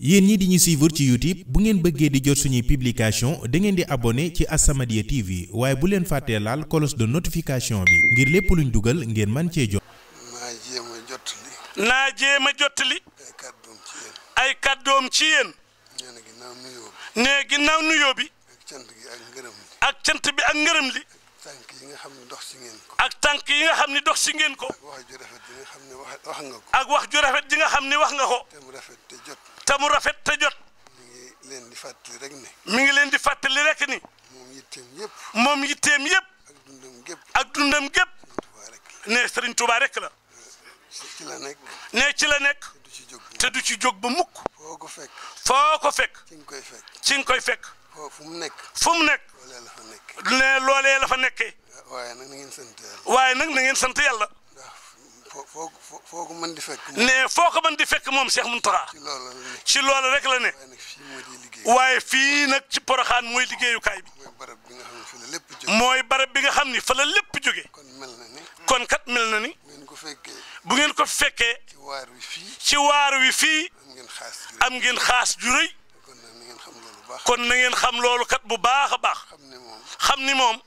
yéen ñi di ñu suivre ci YouTube bu ngeen bëggee di jot suñuy publication da ngeen di abonné ci As-Samadiyya TV waaye bu leen fàttee laal cloche de notification bi ngir lépp luñ dugal ngeen man cee jot. naa jéem a jottali. naa ay kàddoom ci yéen. ay kàddoom ci nee ginnaaw nuyoo bi. nee ginnaaw ak cant bi ak ngërëm li. tànk yi nga xam ne dox ngeen ko. ak tànk yi nga xam ne dox ngeen ko. ak wax rafet ji nga xam ne wax wax nga ko. ak wax ju rafet ji nga xam ne wax nga ko. te rafet te jot. te mu rafet jot. mi ngi leen di fàttali rek ni. mi ngi leen di fàttali rek ni. moom yitteem yëpp. moom yitteem yëpp. ak dundam gépp. ak dundam gépp. ne Serigne Touba rekk la. ci la nekk. ne ci la nekk. te du ci jóg ba mukk. foo ko fekk. foo ko fekk. ci nga koy fekk. ci nga koy fekk. fu mu nekk. fu mu nekk. loolee la fa nekkee. ne loolee la fa nekkee. waaye nag na ngeen sant yàlla. waaye nag na ngeen sant yàlla. foo foo ko mën di fekk. ne foo ko mën di fekk moom Cheikh Mountakha. ci loola la ne. ci loola rek la ne. waaye fii nag ci poroxaan mooy liggéeyukaay bi. mooy barab bi nga xam ne fa la lépp jóge. mooy bi nga xam ne fa la lépp jóge. kon mel na ni. kon kat mel na ni. fekkee. bu ngeen ko fekkee. ci waar wi fii. ci waar wi fii. am ngeen xaas ju rëy. kon na ngeen xam loolu kat bu baax a baax. xam ni moom.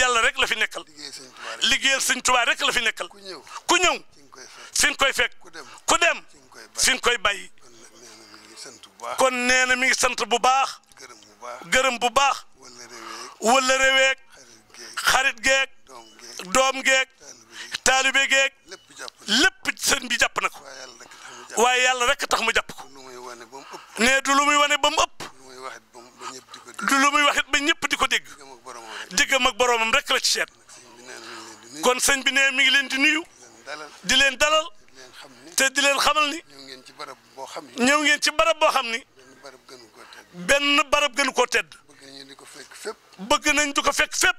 yàlla rek la fi nekkal. liggéeyal sëñ Tuubaa rek la fi nekkal. ku ñëw ku ñëw. fi koy fekk ku dem. fi koy bàyyi. kon nee na mi ngi sant bu baax. gërëm bu baax. wala réweeg. xarit geeg. doom geeg. taalibe geeg lépp sëñ bi jàpp na ko waaye yàlla rek tax mu jàpp ko ne du lu muy wane ba mu ëpp du lu muy waxit ba ñëpp di ko dégg diggam ak boroomam rek la ci seet kon sëñ bi ne mi ngi leen di nuyu di leen dalal te di leen xamal ni ñëw ngeen ci barab boo xam ni ñëw ngeen ci barab boo xam ni benn barab gënu koo tedd bëgg nañ di ko fekk fépp bëgg nañ ko fekk fépp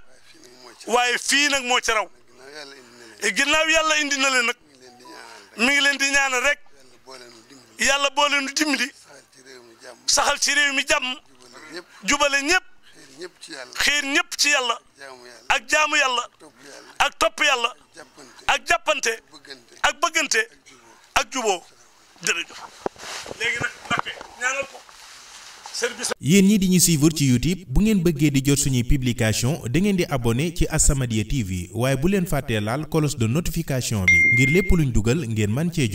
waaye fii nag moo ci raw Eh, ginnaaw yàlla indi na leen nag mi ngi leen di ñaanal rek yàlla boo leen di dimbali saxal ci réew mi jàmm jubale ñëpp xiir ñëpp ci yàlla ak jaamu yàlla ak topp yàlla ak jàppante ak bëggante ak juboo jërëjëf léegi yéen ñi di ñu suivre ci YouTube bu ngeen bëggee di jot suñuy publication da ngeen di abonné ci As-Samadiyya TV waaye bu leen fàttee laal cloche de notification bi ngir lépp luñ dugal ngeen man cee jot